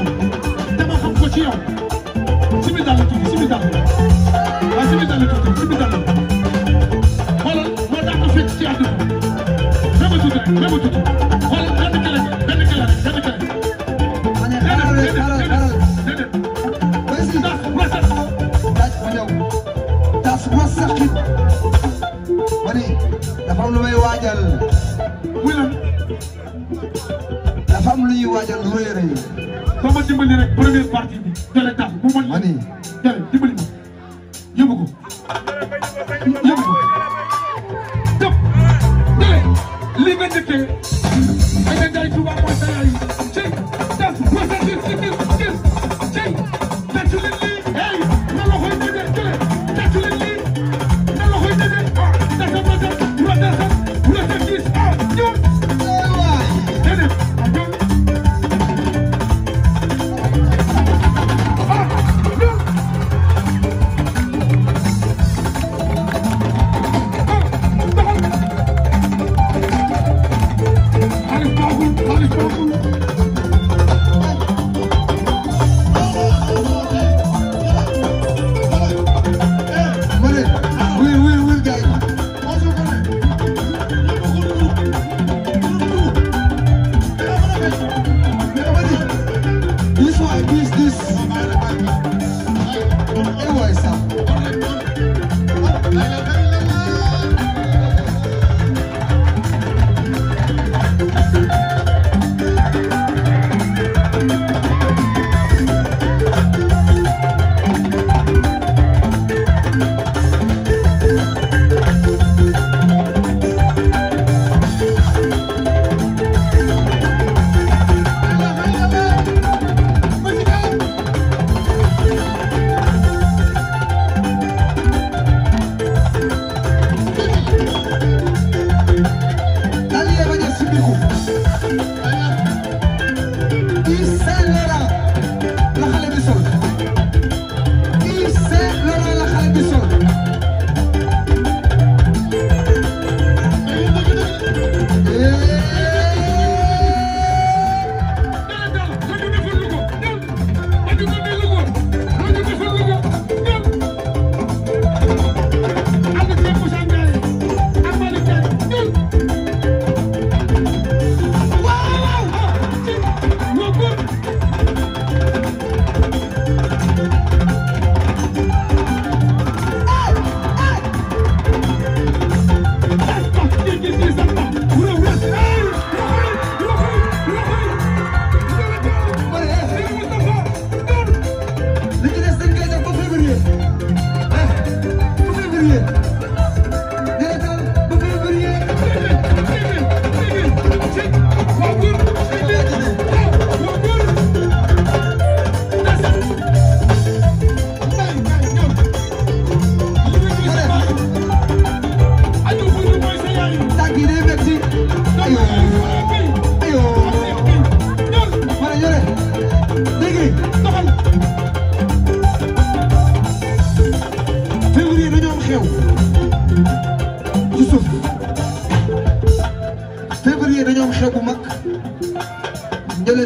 yow dama xam ko ci yow simi dal tuuti simi dal waaw simi dal tuuti simi dal xoolal moo tax ma fekk ci àdduna dama tuuti dama tuuti xoolal benn kala benn kala benn kala dafa am lu may waajal ñuy waajal lu rëy rëy. soo ma dimbali rek première tax bu ma. ma nii jëlee dimbali ma yóbbu li nga njëkkee ay na jaay tubaab mooy sa yaay cey tas processus civil cey cey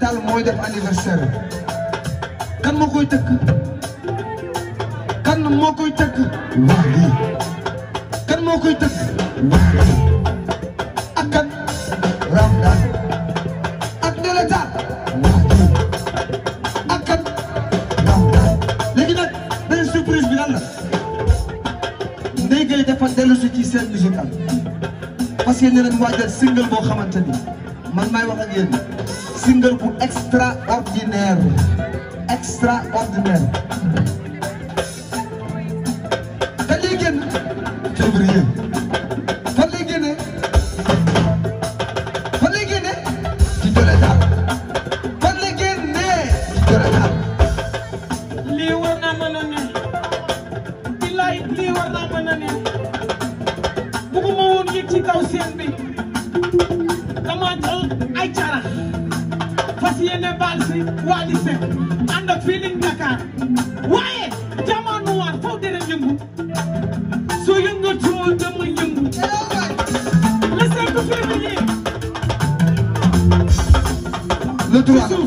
daal mooy def anniversaire kan moo koy tëkk kan moo koy tëkk waa kan moo koy tëkk surprise bi lan la Ndeye Gueye dafa dellusi ci scène musicale parce que ne leen waajal single boo xamante ni man maay wax ak yéen single bu extraordinaire extraordinaire. te lii génn février. bi waa lycée ànd ak a Dakar waaye jamono war faw dina yëngu soo yëngatoo dama yëngu le 5 février le 3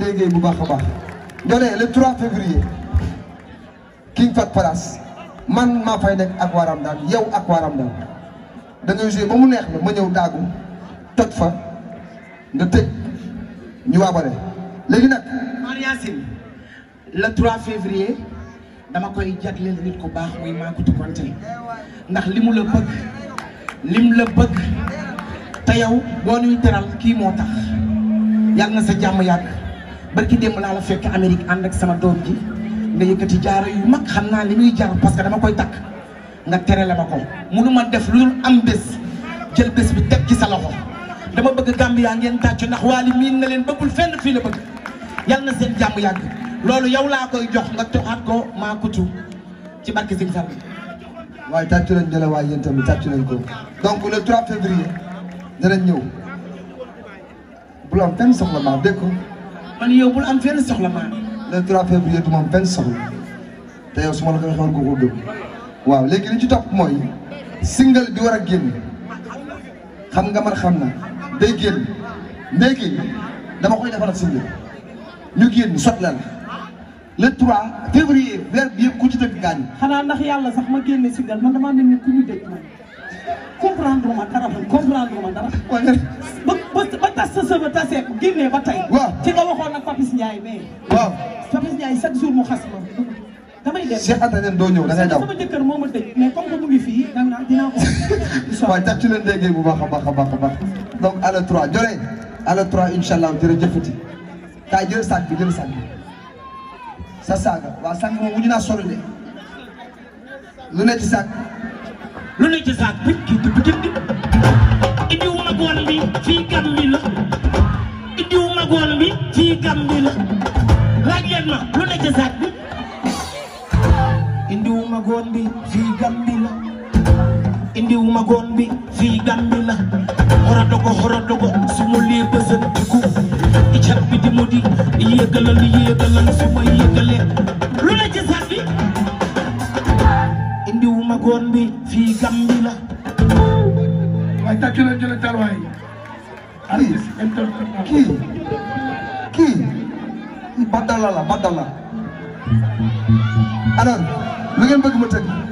Ndeye bu baax a le 3 février King Fat Palace man maa fay nekk ak waaram daal yow ak waaram daal dañoo joué mu neex la ma ñëw daagu toj fa nga tëj ñu waabare léegi nag Mar Yacine le 3 février dama koy jagleel nit ku baax muy Makotou Konté ndax li mu la bëgg lim la bëgg te yow boo ñuy teral kii moo tax yàlla na sa jàmm yàgg barki démb laa la fekk Amérique ànd ak sama doom ji nga yëkkati jaaro yu mag xam naa li muy jar parce que dama koy takk nga tere la ma ko munu ma def lu am bés jël bés bi teg ci sa loxo dama bëgg Gambia ngeen tàccu ndax waali miin na leen bëggul fenn fii la bëgg yal na seen jàmm yàgg loolu yow laa koy jox nga joxaat ko maa kutu ci barke Sëñ bi waaye tàccu leen jële waaye yéen tamit tàccu leen ko donc le 3 février danañ ñëw bu la am benn soxla maa dégg ko man yow bul am fenn soxla maa. le 3 février du ma am benn soxla te yow su ma la ko waxee war ko gëm waaw léegi li ci topp mooy single bi war a génn xam nga man xam na day génn léegi dama koy defal ak single ñu génn sot la le 3 février weer bi yëpp ku ci dëgg gaañu. xanaa ndax yàlla sax ma génne single man damaa mel ni ku ñu dëgg man comprendre ma dara comprendre ma dara. ba tas sa sëba tasee ko génnee ba tey. waaw ci nga waxoon nag Papis Ndiaye mais. waaw Papis Ndiaye chaque jour mu xas ma. damay dem Cheikh Anta neen doo ñëw da ngay daw sama jëkkër moo ma tëj mais comme que mu ngi fii da nga dinaa ko. waaw tàcc leen déggee bu baax a baax a baax a baax donc à la 3 Jolène à la 3 incha allah jërëjëfati kaa jël saag bi jël saag bi sa saaga waaw saag moom wuñu naa solo de lu ne ci saag. lu ne ci saag. magoon bi ci bi ci Gàmbi la laaj leen ma lu ne ci saak bi bi ci Gàmbi la indiw magoon bi ci Gàmbi su ma lee bësën jiku i cat bi di mu di yéegalal yéegalal su ma yéegalee lu ne ci saak bi indiw bi ci Gàmbi tàcc leen jëlee taluwaay. kii kii kii Badala la Badala alors lu ngeen bëgg ma